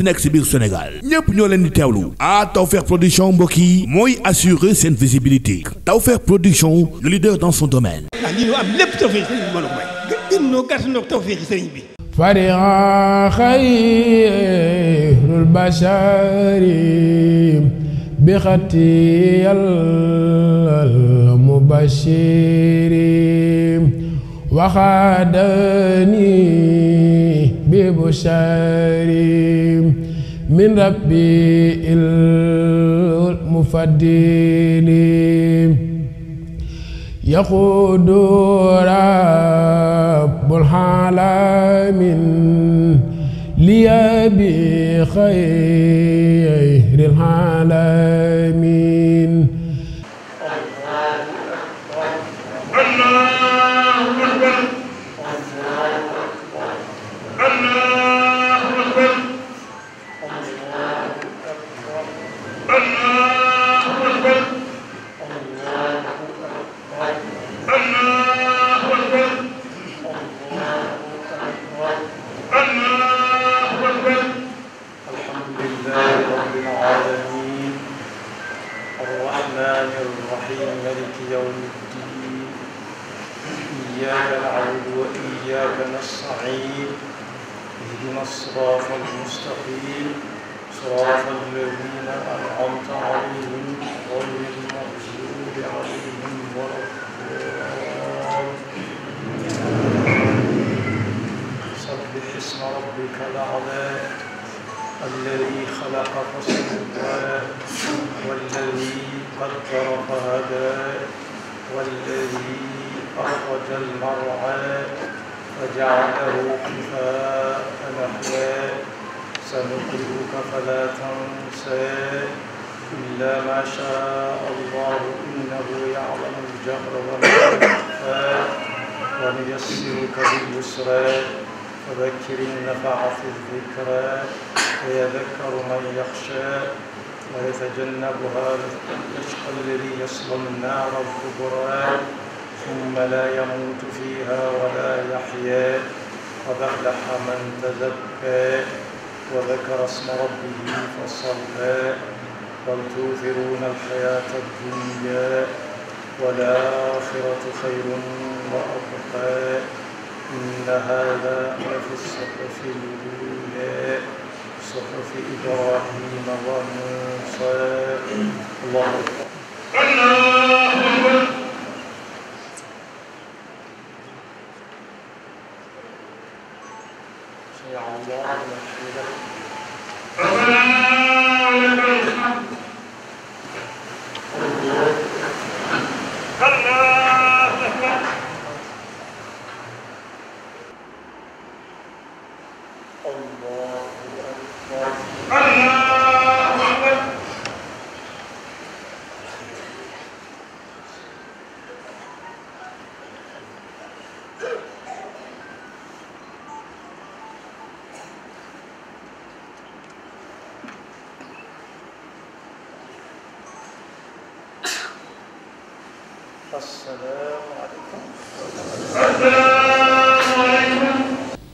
munti nekk si biir Sénégal ñépp ñoo leen di teewlu ah Tawfekh production mbokk yi mooy assurer seen visibilité Tawfekh production le leader dans son domaine. ah lii ñu am lépp Tawfekh sëriñ bi fariha xayrul bashari bi xati yàllal mubashiri waxaadani ببشار من ربي المفضل يقود رب العالمين لي بخير العالمين ربك الأعلى الذي خلق فسوى والذي قدر فهدى والذي أخرج المرعى فجعله خفاء نحوى سنقرئك فلا تنسى إلا ما شاء الله إنه يعلم الجهر وما يخفى ونيسرك باليسرى وذكر نفعت الذكرى ويذكر من يخشى ويتجنبها الأشقى الذي يصلى النار الكبرى ثم لا يموت فيها ولا يحيا قد أفلح من تزكى وذكر اسم ربه فصلى بل توثرون الحياة الدنيا والآخرة خير وأبقى إن هذا لفي الصحف الأولى صحف إبراهيم وموسى الله أكبر الله أكبر سمع الله لمن حمده ربنا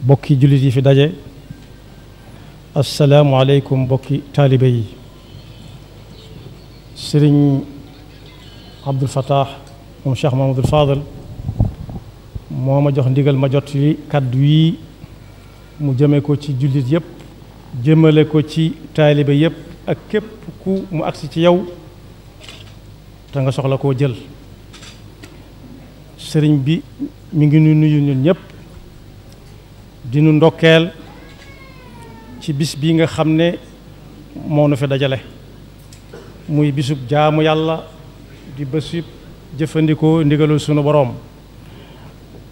bokki jullit yi fi daje asalaamualeykum bokki taalibe yi sëriñ Abdul Fatah moom Cheikh Mahamadul moo ma jox ndigal ma jot li kaddu yi mu jëme ko ci jullit yépp jëmale ko ci taalibe yépp ak képp ku mu agsi ci yow te nga soxla koo jël sëriñ bi mi ngi nu nuyu ñun ñépp dinu ndokkeel ci bis bi nga xam ne moo nu fi dajale muy bisub jaamu yàlla di bésub jëfandikoo ndigalul sunu borom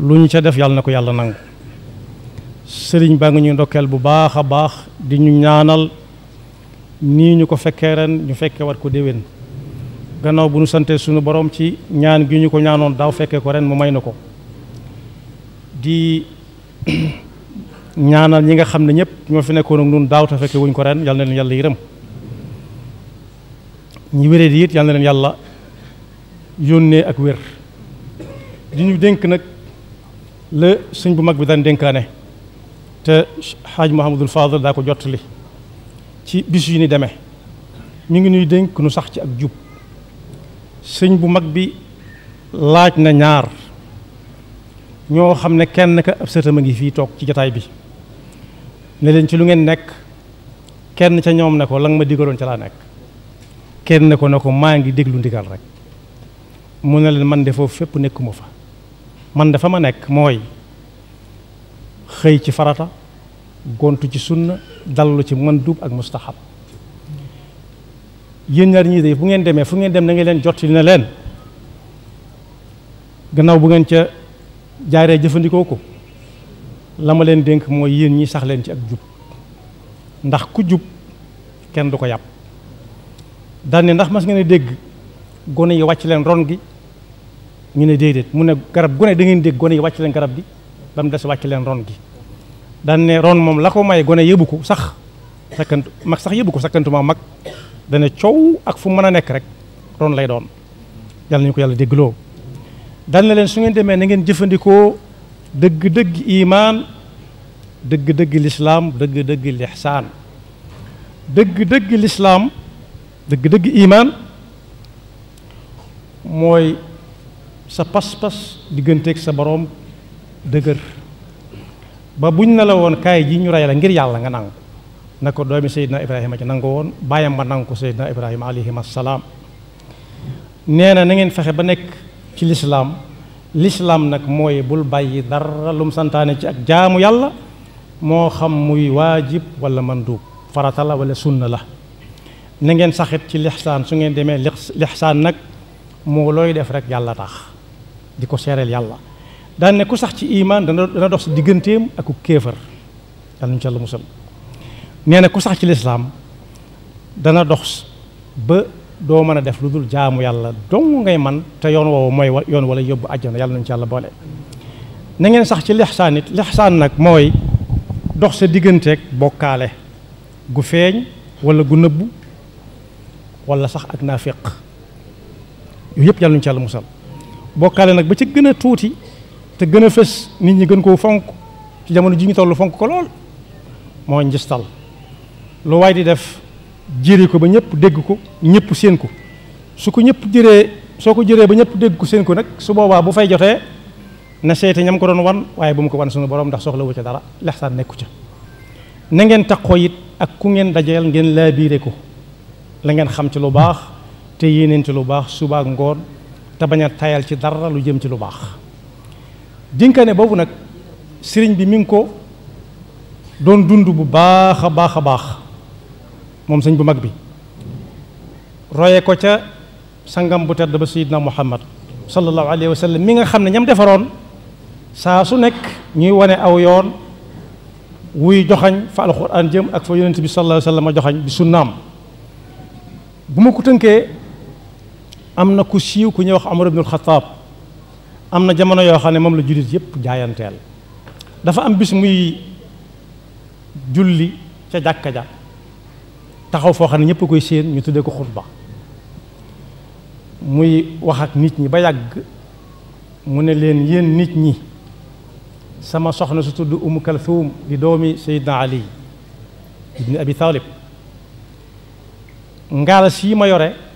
lu ñu ca def yàlla na ko yàlla nangu sëriñ baa ngi ñuy ndokkeel bu baax a baax di ñu ñaanal nii ñu ko fekkee ren ñu fekkee wat ko déwén gannaaw bu ñu sante suñu borom ci ñaan gi ñu ko ñaanoon daaw fekkee ko ren mu may na ko di ñaanal ñi nga xam ne ñëpp ñoo fi nekkoon ak nun daaw te fekkee wuñ ko ren yal na leen yàlla yërëm ñi wéree di it yal na leen yàlla yónnee ak wér di ñu dénk nag la sëñ bu mag bi daan dénkaane te xaaj Mouhamadul Fadal daa ko jottali ci bis yu ni demee mi ngi nuy dénk nu sax ci ak jub sëñ bu mag bi laaj na ñaar ñoo xam ne kenn ka ab sëtam a ngi fii toog ci jataay bi ne leen ci lu ngeen nekk kenn ca ñoom ne ko la nga ma digaloon ca laa nekk kenn ne ko ne ko maa ngi déglu ndigal rek mu ne leen man de foofu fépp nekkuma fa man dafa ma nekk mooy xëy ci farata gontu ci sunna dallu ci mandub ak mustahab yéen ñaar ñii de bu ngeen demee fu ngeen dem na leen jot na leen gannaaw bu ngeen ca jaaree jëfandikoo ko la ma leen dénk mooy yéen ñi sax leen ci ak jub ndax ku jub kenn du ko yàpp daan ne ndax mas ngeen a dégg gone yi wàcc leen ron gi ñu ne déedéet mu ne garab gone da ngeen dégg gone yi wàcc leen garab gi ba mu des wàcc leen ron gi daan ne ron moom la ko may gone yëbu ko sax sakkantu mag sax yëbu ko sakkantuma mag dana coow ak fu mën a nekk rek ron lay doon yàlla nañu ko yàlla déggloo daan na leen su ngeen demee na ngeen jëfandikoo dëgg-dëgg imaan dëgg-dëgg lislaam dëgg-dëgg dëgg-dëgg lislaam dëgg-dëgg imaan mooy sa pas-pas digganteek sa boroom dëgër ba buñ na la woon kaay ji ñu rey la ngir yàlla nga nangu na ko doomi Seydina Ibrahima ci nangu woon bàyyam ba nangu ko Seydina Ibrahima alayhim nee na na ngeen fexe ba nekk ci lislaam nag mooy bul bàyyi dara lum santaane ci ak jaamu yàlla moo xam muy waajib wala mandub farata la wala sunna la na ngeen saxit ci lixsaan su ngeen demee lixsaan nag moo looy def rek yàlla tax di ko seereel yàlla daan ne ku sax ci iman dana dana dox si digganteem ak ku kéefar yàlla ñu ci yàlla musal nee ku sax ci lislaam dana dox ba doo mën a def lu dul jaamu yàlla dong ngay man te yoon woowu mooy yoon wala yóbbu àjjana yàlla nañu ci yàlla boole na sax ci lixsaan it lixsaan nag mooy dox sa digganteeg bokkaale gu feeñ wala gu nëbbu wala sax ak naafiq yooyu yëpp yàlla nañu ci yàlla musal bokkaale nag ba ca gën a tuuti te gën a fës nit ñi gën koo fonk ci jamono ji ñu toll fonk ko lool moo njistal lu waay di def jëri ko ba ñëpp dégg ko ñëpp seen ko su ko ñëpp jëree soo ko jëree ba ñëpp dégg ko seen ko nag su boobaa bu fay jotee na seete ñam ko doon wan waaye bu mu ko wan suñu borom ndax soxlawu ca dara lexsaan nekku ca na ngeen takkoo it ak ku ngeen dajeel ngeen laabiire ko la ngeen xam ci lu baax te yéeneen ci lu baax suba ngoon te bañ tayal ci dara lu jëm ci lu baax dénkaane boobu nag sëriñ bi mi ngi ko doon dund bu baaxa a baax a baax moom sëñ bu mag bi roye ko ca sangam bu tedd ba sayidna muhammad sallallahu alayhi wa sallam mi nga xam ne ñam defaroon saa su nekk ñuy wane aw yoon wuy joxañ fa alquran jëm ak fa yonent bi sallallahu alayhi joxañ bi sunnaam bu ma ko tënkee am na ku siiw ku ñuy wax Omar ibnul Xataab am na jamono yoo xam ne moom la jullit yëpp jaayanteel dafa am bis muy julli ca jàkka ja taxaw foo xam ne ñëpp koy séen ñu tuddee ko xutba muy wax ak nit ñi ba yàgg mu ne leen yéen nit ñi sama soxna su tudd Umu Kalthum di doomi Seydina Ali ibni Abi Talib ngaala sii ma yore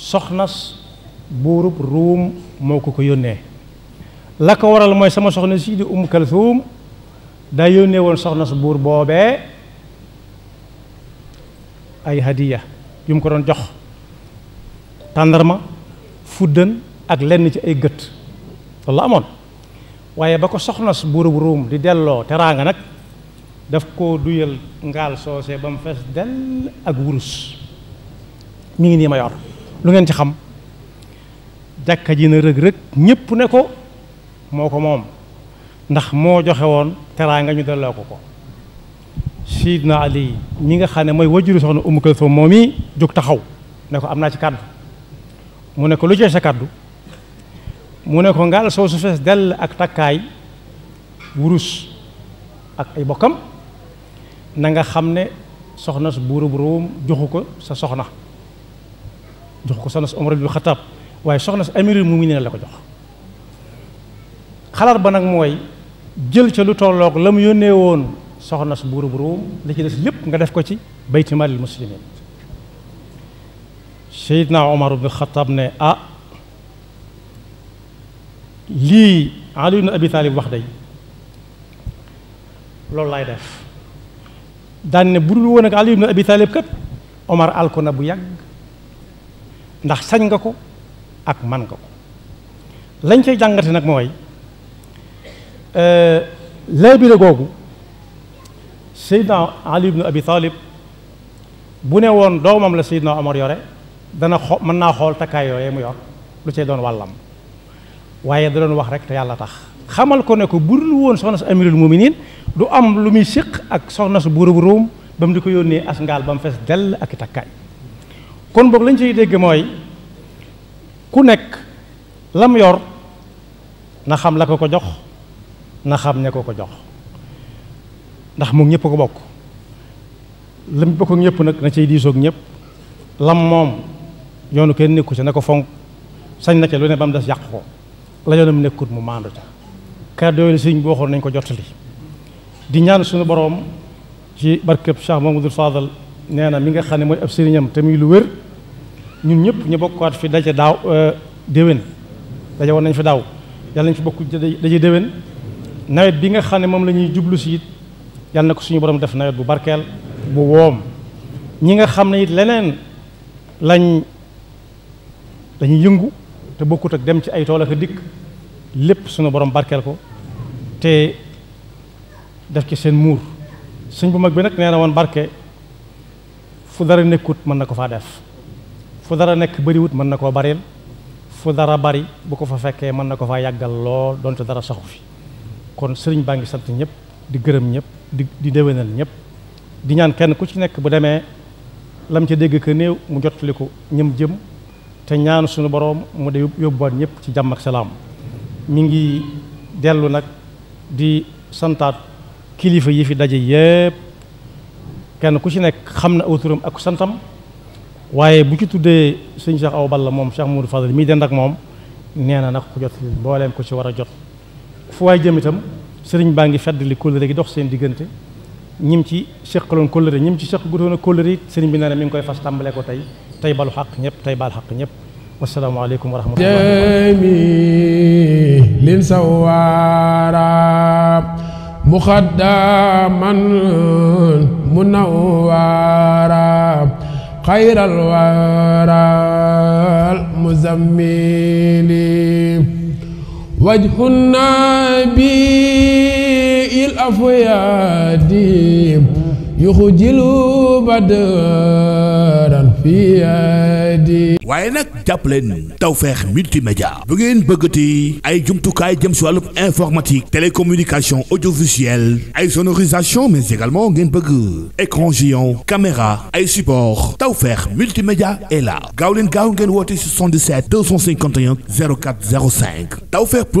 soxnas buurub ruum moo ko ko yónnee la ko waral mooy sama soxna sii di um kalsuum daa yónnee woon soxnas buur boobee ay hadiya yu mu ko doon jox tàndarma fuddën ak lenn ci ay gët loolu la amoon waaye ba ko soxnas buurub ruum di delloo teraanga nag daf koo duyal ngaal soose ba mu fees dell ak wurus mu ngi nii ma yor lu ngeen ci xam jàkka ji na rëg-rëg ñépp ne ko moo ko moom ndax moo joxe woon nga ñu delloo ko ko Sidna Ali mi nga xam ne mooy wajuru soxna Umu Kalsum moom i jóg taxaw ne ko am naa ci kàddu mu ne ko lu joxe sa kàddu mu ne ko ngaal soo su fees dell ak takkaay wurus ak ay bokkam na nga xam ne soxna su buuru bu ruum joxu ko sa soxna jox ko soxna si Omar bi Xataab waaye soxna si amirul mu'minin la ko jox xalaat ba nag mooy jël ca lu tollook la mu yónnee woon soxna si buuru la ci des lépp nga def ko ci bayti maalil muslimin Seydina Omar bi Xataab ne ah lii Ali ibn Abi Talib wax day loolu laay def daan ne bu dul woon ak Ali bu yàgg ndax sañ nga ko ak man nga ko lañ cay jàngate nag mooy euh, laabire googu Seydina Ali ibnu Abi Talib bu ne woon doomam la Seydina Omar yore dana xo man naa xool takkaay yooyee mu yor lu cay doon wàllam waaye da doon wax rek te yàlla tax xamal ko ne ko bu dul woon soxna su amirul muminin du am lu muy séq ak soxna su buuru bu Róom ba mu di ko yónnee as ngaal ba mu fees dell ak i takkaay kon boog lañ ciy dégg mooy ku nekk lam yor na xam la ko ko jox na xam ña ko ko jox ndax moom ñëpp ko bokk lam bokk ak ñëpp nag na ciy diisoog ñëpp lam moom yoonu kenn nekku ci na ko fonk sañ na ca lu ne ba mu des yàq ko la yoonam nekkut mu maandu ca kàddu yooyu sëriñ bi waxoon nañ ko jottali di ñaan suñu boroom ci barkeb Cheikh Mamadou Fadal nee na mi nga xam ne mooy ab sëriñam te muy lu wér ñun ñëpp ñu bokkaat fi daje daaw euh, déwén daje woon nañ fi daaw yàlla nañ fi bokk daje déwén nawet bi nga xam ne moom la jublu si it yàlla na ko suñu borom def nawet bu barkeel bu woom ñi nga xam ne it leneen lañ dañuy yëngu te bokkut ak dem ci ay tool ak dikk lépp suñu borom barkeel ko te def ci seen muur sëñ bu mag bi nag nee na woon barke fu dara nekkut mën na ko faa def fu dara nekk bariwut mën na koo bareel fu dara bari bu ko fa fekkee mën na ko fa yàggal lool donte dara saxu fi kon sëriñ baa ngi sant ñëpp di gërëm ñëpp di di déwénal ñëpp di ñaan kenn ku ci nekk bu demee lam ci dégg ka néew mu jottali ko ñëm jëm te ñaan suñu boroom mu de yóbbuwaat ñëpp ci jàmm ak salaam mi ngi dellu nag di santaat kilifa yi fi daje yëpp kenn ku ci nekk xam na autoram ak santam waaye bu ci tuddee sëñ Cheikh Awa Balla moom Cheikh Moudou Fadal mii dend ak moom nee na nag ko jot mbooleem ko ci war a jot fu waay jëm itam sëriñ baa ngi feddali kóllëre gi dox seen diggante ñim ci seqaloon kóllëre ñim ci seq gutoon a kóllëre it sëriñ bi nee na mi ngi koy fas tàmbale ko tey tey balu xaq ñëpp tey baal xaq ñëpp wasalaamaaleykum wa rahmatulah jami lin sawaara muxaddaman munawwaara خير الورى المزمل وجه النبي الأفياد yuxjilu badran fi yadi waaye nag jàppaleen Tawfekh multimédia bu ngeen bëggati ay jumtukaay jëm si wàllu informatique télécommunication audiovisuelle ay sonorisation mais également ngeen bëgg écran géant caméra ay support Tawfekh multimédia est la gaaw leen gaaw ngeen woote 77 251 04 05 Tawfekh